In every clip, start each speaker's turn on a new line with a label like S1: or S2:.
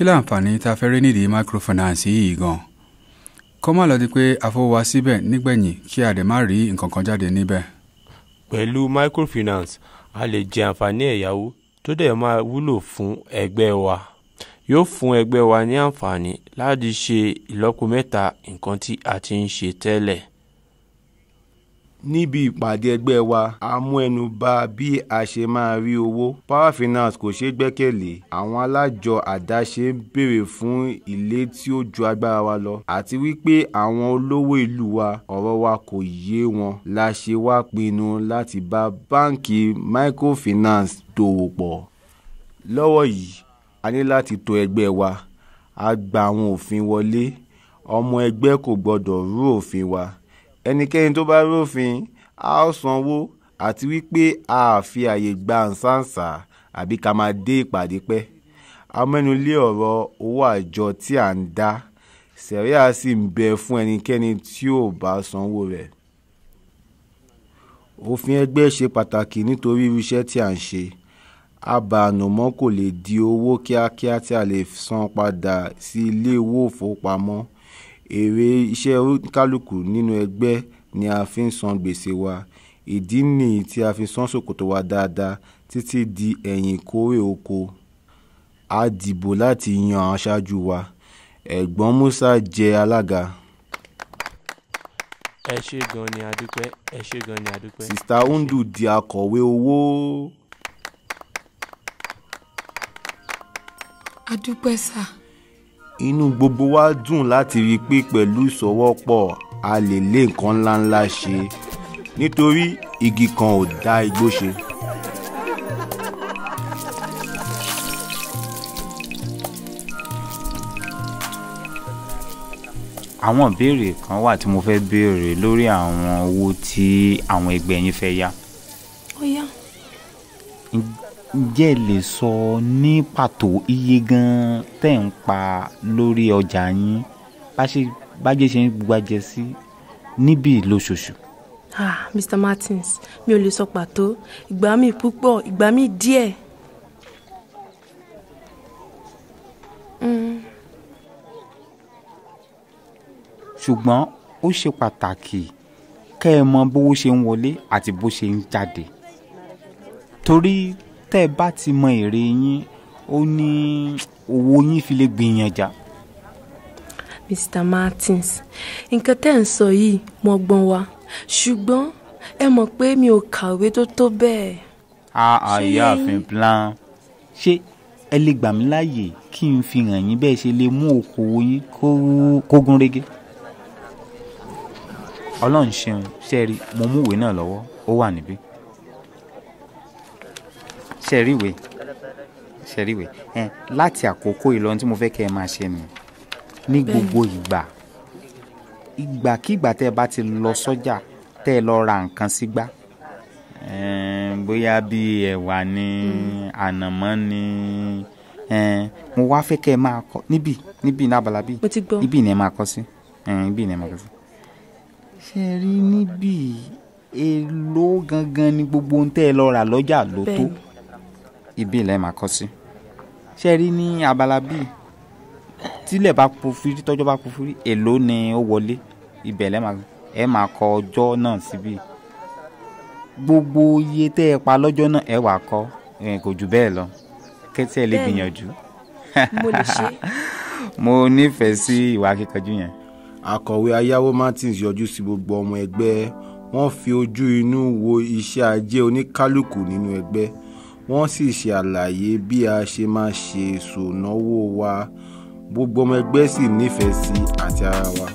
S1: kí láǹfààní tá a fẹ́ rí nídìí microfinance yìí gan kọ́ má lọ di pé àfọwọ́ síbẹ̀ nígbẹ̀yìn kí a dẹ̀ má rí nǹkan kan jáde níbẹ̀. pẹ̀lú microfinance a lè jẹ àǹfààní ẹ̀yáwó tó dẹ̀ máa wúlò fún ẹgbẹ́ wa yóò fún ẹgbẹ́ wa ní àǹfààní láti ṣe ìlọ́po mẹ́ta nǹkan tí a ti ń ṣe tẹ́lẹ̀ níbi ìpàdé ẹgbẹ́ wa a mú ẹnu bà bí a ṣe máa rí owó power finance kò ṣeé gbẹ́kẹ̀lé àwọn alájọ àdáṣe ń béèrè fún ilé tí ó ju agbára wa lọ àti wípé àwọn olówó ìlú wa ọ̀rọ̀ wa kò yé wọn la ṣe wá pinnu láti bá báńkì microfinance dòwò pọ̀ lọ́wọ́ yìí a ní láti tò ẹgbẹ́ wa a gba àwọn òfin wọlé ọmọ ẹgbẹ́ kò gbọ́dọ̀ rú òfin wa ẹnikẹ́ni tó bá rófin a ó sanwó àti wípé a fi àyè gba ǹsáǹsà àbí ká máa dé ìpàdé pẹ́ amẹ́nulé ọ̀rọ̀ owó àjọ tí à ń dá sẹ̀ríà sì ń bẹ fún ẹnikẹ́ni tí ò bá sanwó rẹ̀ òfin ẹgbẹ́ ṣe pàtàkì nítorí irúṣẹ́ tí à ń ṣe abànùmọ́ kò lè di owó kíákíá tí a lè san padà sí ilé ìwòfowópamọ́ èrè iṣẹ́ oníkálukú nínú ẹgbẹ́ ni a fi ń san gbèsè wa ìdí nìyí tí a fi sán ṣòkòtò wa dáadáa títí di ẹ̀yìn ìkórè oko a dìbò láti yan aṣáájú wa ẹ̀gbọ́n Musa jẹ alága.
S2: ẹ ṣe gan ni adúpẹ́ ẹ ṣe gan ni adúpẹ́. sista
S1: Undu di akọ̀wé owó. adúpẹ́ sáà inú gbogbo wa dùn láti rí i pé pẹ̀lú ìsọwọ́pọ̀ a lè lé nǹkan ńláńlá ṣe nítorí igi kan ò dá igbó ṣe.
S2: àwọn ìbéèrè kan wà tí mo fẹ́ béèrè lórí àwọn owó tí àwọn ẹgbẹ́ yín fẹ́ yá. ó yá ǹjẹ́ lè sọ ní pàtó iye gan tẹ̀ ń pa lórí ọjà yín bájẹ́ ṣe ń gbajẹ sí níbí lóṣooṣù.
S1: ah Mr. Martins mi ò lè sọ pàtó ìgbà mi púpọ̀ ìgbà mi díẹ̀. Mm.
S2: ṣùgbọ́n ó ṣe pàtàkì kẹ́ ẹ mọ bówó ṣe ń wọlé àti bó ṣe ń jáde torí tẹ́ ẹ bá ti mọ èrè yín ó ní owó yín fi lè gbìyànjá.
S1: Mr. Martins nǹkan tẹ́ ẹ̀ ń sọ yìí mọ́gbọ́n wa ṣùgbọ́n ẹ mọ̀ pé mi ò kàwé tó tó bẹ́ẹ̀.
S2: àyàfin plan ṣé ẹ lè gbà mí láàyè kí n fi hàn yín bẹ́ẹ̀ ṣe lè mú okòwò yín kó gún ọlọ́run ṣeun ṣẹ́ẹ̀rí mo mú ìwé náà lọ́wọ́ ó wà níbí ṣẹ̀ríwé ṣẹ̀ríwé ẹ láti àkókò ìlọrin tí mo fẹ́ kẹ́ ẹ máa ṣe nù ní gbogbo ìgbà ìgbàkígbà tẹ́ ẹ bá ti lọ sọ́jà tẹ́ ẹ lọ ra nǹkan sígbà bóyá bí ẹ̀wà ni hmm. ànàmọ́ ni mo wá fẹ́ kẹ́ ẹ máa kọ níbí níbí ní abala bíi níbí ni ẹ máa kọ sí níbí ni ẹ máa kọ sí. ṣe rí níbí èlò gangan ni gbogbo ohun tẹ́ ẹ lọ rà lọ́jà ló ibi ilẹ̀ máa kọ́ sí ṣe rí ní abala bíi tílẹ̀ bá pofiri tọ́jọ́ bá pofiri èló ni ó wọlé ibẹ̀ ẹ máa kọ ọjọ́ náà síbí gbogbo iye tẹ́ ẹ pa lọ́jọ́ náà ẹ wàá kọ kò jù bẹ́ẹ̀ lọ kẹ́tí ẹ lè gbìyànjú. mo lè ṣe.
S1: mo nífẹ̀ẹ́ sí ìwà akíkanjú yẹn. akọ̀wé ayáwó Martins yọjú sí gbogbo ọmọ ẹgbẹ́ wọ́n fi ojú inú wo iṣẹ́ ajé oníkálukú nínú ẹgbẹ́ wọ́n sì ṣe àlàyé bí a ṣe máa ṣe ṣònáwó wa gbogbo ọmọ ẹgbẹ́ sì nífẹ̀ẹ́ sí àti ara wa.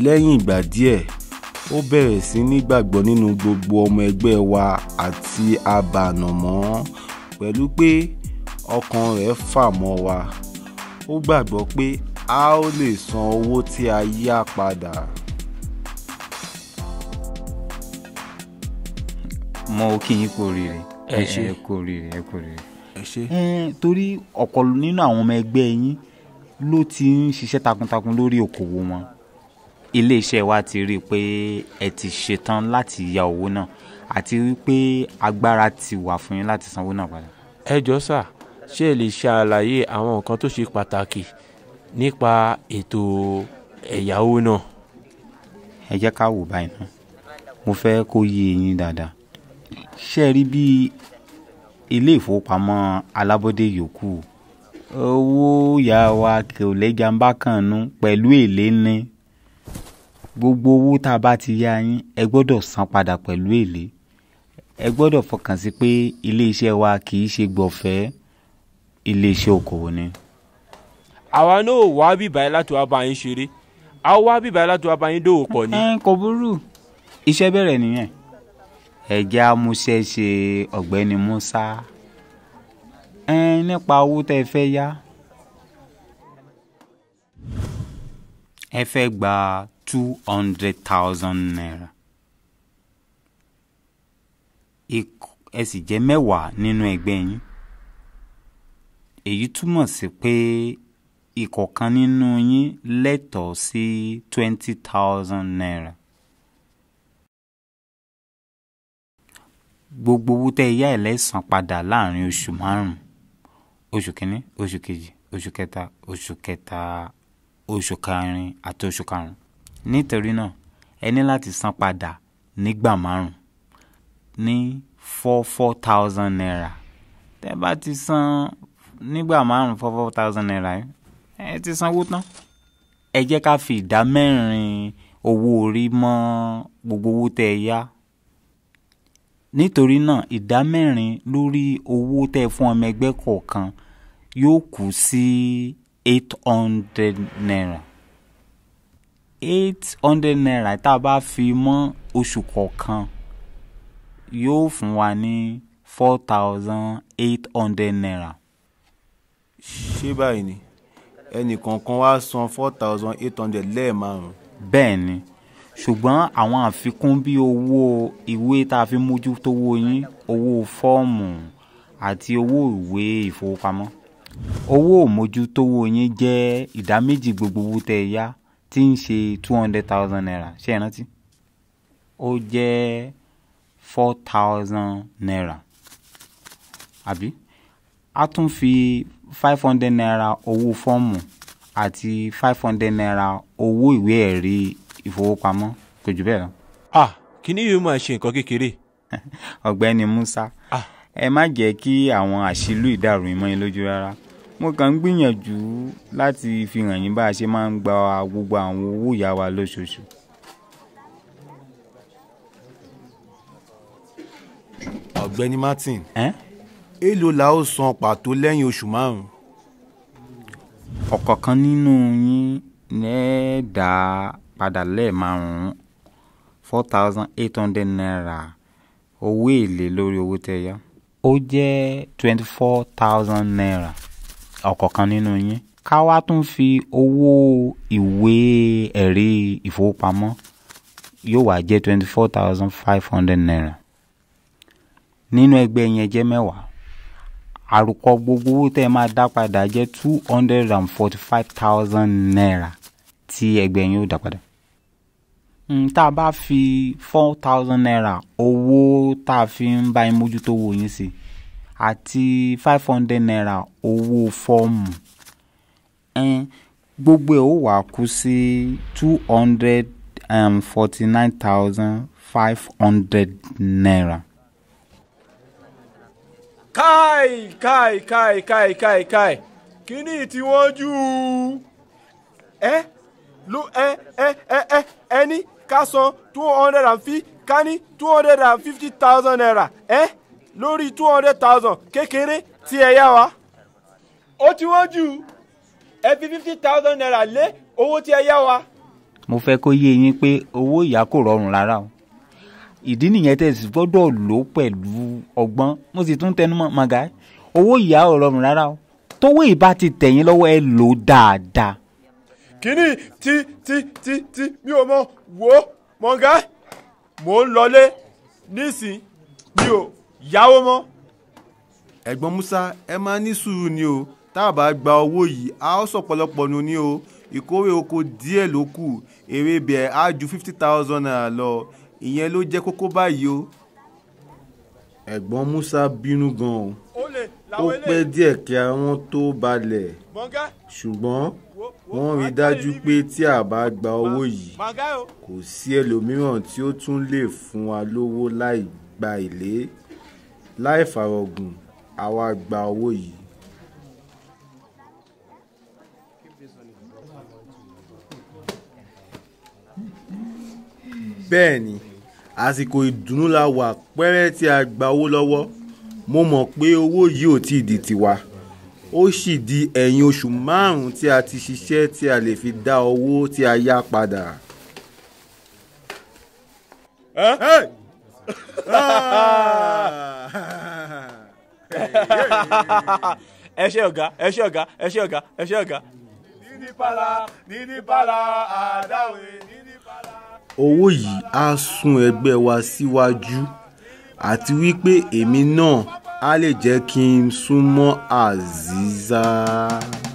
S1: lẹ́yìn ìgbà díẹ̀ ó bẹ̀rẹ̀ sí ní gbàgbọ́ nínú gbogbo ọmọ ẹgbẹ́ wa àti abànàmọ́ pẹ̀lú pé ọkàn rẹ̀ fà mọ́ wa ó gbàgbọ́ pé a ó lè san owó tí a yá padà. mo kí yín kú
S2: oríire ẹ ṣe ẹ kú oríire ẹ kú oríire. ẹ torí ọ̀pọ̀ nínú àwọn ọmọ ẹgbẹ́ yín ló ti ń ṣiṣẹ́ takuntakun lórí okòwò wọn iléeṣẹ́ wa ti rí i pé ẹ ti ṣetán láti ya owó náà àti wípé agbára ti wà fún yín láti sanwó náà padà. ẹ jọ sà ṣé ẹ lè ṣe àlàyé àwọn nǹkan tó ṣe pàtàkì nípa ètò ẹ̀yáwó náà. ẹ jẹ́ ká wò báyìí náà mo fẹ́ kó yé yín dáadáa ṣé rí bí ilé ìfowópamọ́ alábọ́dé yòókù owó yà wá kò lè jàǹbá kan nú pẹ̀lú èlé ní gbogbo owó tá a bá ti yá yín ẹ gbọ́dọ̀ san padà pẹ̀lú èlé ẹ gbọ́dọ̀ fọkàn sí pé iléeṣẹ́ wa kì í ṣe gbọ̀fẹ́ iléeṣẹ́ òkòwò ni.
S1: àwa náà wá bíbáyé láti wá bá yín ṣeré a wá bíbáyé láti wá bá yín dòwò
S2: pọ̀ ni. ẹ kò burú iṣẹ́ bẹ̀rẹ̀ nìyẹn ẹ̀jẹ̀ amúṣẹ́ ṣe ọ̀gbẹ́ni Musa nípa owó tẹ́ fẹ́ yá ẹ fẹ́ gba 200,000 naira ẹ sì jẹ́ mẹ́wàá nínú ẹgbẹ́ yín èyí túmọ̀ sí pé ìkọ̀ọ̀kan nínú yín lẹ́tọ̀ọ́ sí twenty thousand naira. gbogbo owó tẹ́ ìyá ẹ̀ lẹ́sàn padà láàrin oṣù márùn-ún oṣù kínní oṣù kejì oṣù kẹta oṣù kẹta oṣù kẹrin àti oṣù karùn-ún nítorí náà ẹ ní láti san padà nígbà márùn ní four four thousand naira tẹ́ bá ti san nígbà márùn four four thousand naira ẹ ti sanwó tán ẹ jẹ́ ká fi ìdá mẹ́rin owó orí mọ́ gbogbo owó tẹ́ ẹ yá nítorí náà ìdá mẹ́rin lórí owó tẹ́ fún ọmọ ẹgbẹ́ kọ̀ọ̀kan yóò kù sí eight hundred naira eight hundred naira tá a bá fi mọ́ oṣù kọ̀ọ̀kan yóò fún wa ní
S1: four thousand eight hundred naira. ṣé báyìí ni ẹnìkọ̀ọ̀kan wá san four thousand eight hundred lẹ́ẹ̀márùn-ún. bẹ́ẹ̀ ni
S2: ṣùgbọ́n àwọn àfikún bíi owó ìwé tá a fi mójútó owó yín owó fọ́ọ̀mù àti owó ìwé ìfowópamọ́ owó òmójútówó yín jẹ́ ìdá méjì gbogbo owó tẹ́ ẹ yá tí ń ṣe two hundred thousand naira ṣé ẹ rántí ó jẹ́ four thousand naira àbí a tún fi five hundred naira owó fọ́ọ̀mù àti five hundred naira owó ìwé ẹ̀rí ìfowópamọ́ kò jù bẹ́ẹ̀ lọ. ah kíní yìí máa ṣe nǹkan kékeré. ọ̀gbẹ́ni Musa ah. ẹ má jẹ́ kí àwọn àṣìlú ìdàrú ìmọ̀ yín lójú rárá mo kàn ń gbìyànjú láti fi hàn yín bá a ṣe máa ń gba gbogbo àwọn owó ìyá wa lóṣooṣù.
S1: ọ̀gbẹ́ni Martin èèlò la ó san pàtó lẹ́yìn oṣù márùn-ún.
S2: ọ̀kọ̀ọ̀kan nínú yín lẹ́ẹ̀dá padà lẹ́ẹ̀márùn-ún four thousand eight hundred naira owó èlé lórí owó tẹ́ ó jẹ́ twenty four thousand naira ọ̀kọ̀ọ̀kan nínú yín ká wá tún fi owó ìwé ẹ̀rí ìfowópamọ́ yóò wá jẹ́ twenty four thousand five hundred naira nínú ẹgbẹ́ yẹn jẹ́ mẹ́wàá àrùkọ gbogbo owó tẹ́ ẹ máa dá padà jẹ́ two hundred and forty five thousand naira tí ẹgbẹ́ yẹn ó dá padà hmm, tá a bá fi four thousand naira owó tá a fi ń bá yín mójútó owó yín sí i àti five hundred naira owó fọ́ọ̀mù um gbogbo ẹ̀ ó wá kù sí two hundred and forty nine thousand five hundred naira.
S1: káì káì káì káì káì káì kíní tí wọ́n jù ú ẹ ló ẹ ẹ ẹ ẹ ẹni ká san two hundred and fi ká ní two hundred and fifty thousand naira ẹ. Eh? lórí two hundred thousand kékeré tí ẹ yá wa. ó ti wọ́n jù ẹ fifty thousand naira lé owó tí ẹ yá wa.
S2: mo fẹ́ kó yé yín pé owó ìyá kò rọrùn rárá o ìdí nìyẹn tẹ̀ sí gbọ́dọ̀ lò pẹ̀lú ọgbọ́n mo sì tún tẹnumọ́ màgá owó ìyá ò rọrùn rárá o tówó ìbá ti tẹ̀yìn lọ́wọ́ ẹ lò dáadáa.
S1: kínní tí tí tí tí mi ò mọ wò mọ̀gá mò ń lọlé nísìnyí mi ò yáwó mọ́. ẹ̀gbọ́n Musa ẹ máa ní sùúrù ni o tá a bá gba owó yìí a ó sọ̀pọ̀lọpọ̀ nu ni o ìkórè oko díẹ̀ ló kù èrè bẹ̀ á ju fifty thousand naira lọ ìyẹn ló jẹ́ kókó báyìí o. ẹ̀gbọ́n Musa bínú gan-an ó pẹ́ díẹ̀ kí àwọn tó balẹ̀ ṣùgbọ́n wọ́n rí dájú pé tí a bá gba owó yìí kò sí ẹlòmíràn tí ó tún lè fún wa lówó láì gba èlé láì fàrọ̀gùn àwa gba owó yìí. bẹ́ẹ̀ ni àsìkò ìdùnnú la wà pẹ́rẹ́ tí a gba owó lọ́wọ́ mo mọ̀ pé owó yìí ò tí ì di tiwa ó sì di ẹ̀yìn oṣù márùn-ún tí a ti ṣiṣẹ́ tí a lè fi dá owó tí a yá padà. Hey! Hey! Ah! ẹ ṣé ọ̀gá ẹ ṣé ọ̀gá ẹ ṣé ọ̀gá ẹ ṣé ọ̀gá. nínípàlà nínípàlà àdáwé nínípàlà. owó yìí á sún ẹgbẹ́ wa síwájú àti wípé èmi náà á lè jẹ́ kí n sún mọ́ Azeezah.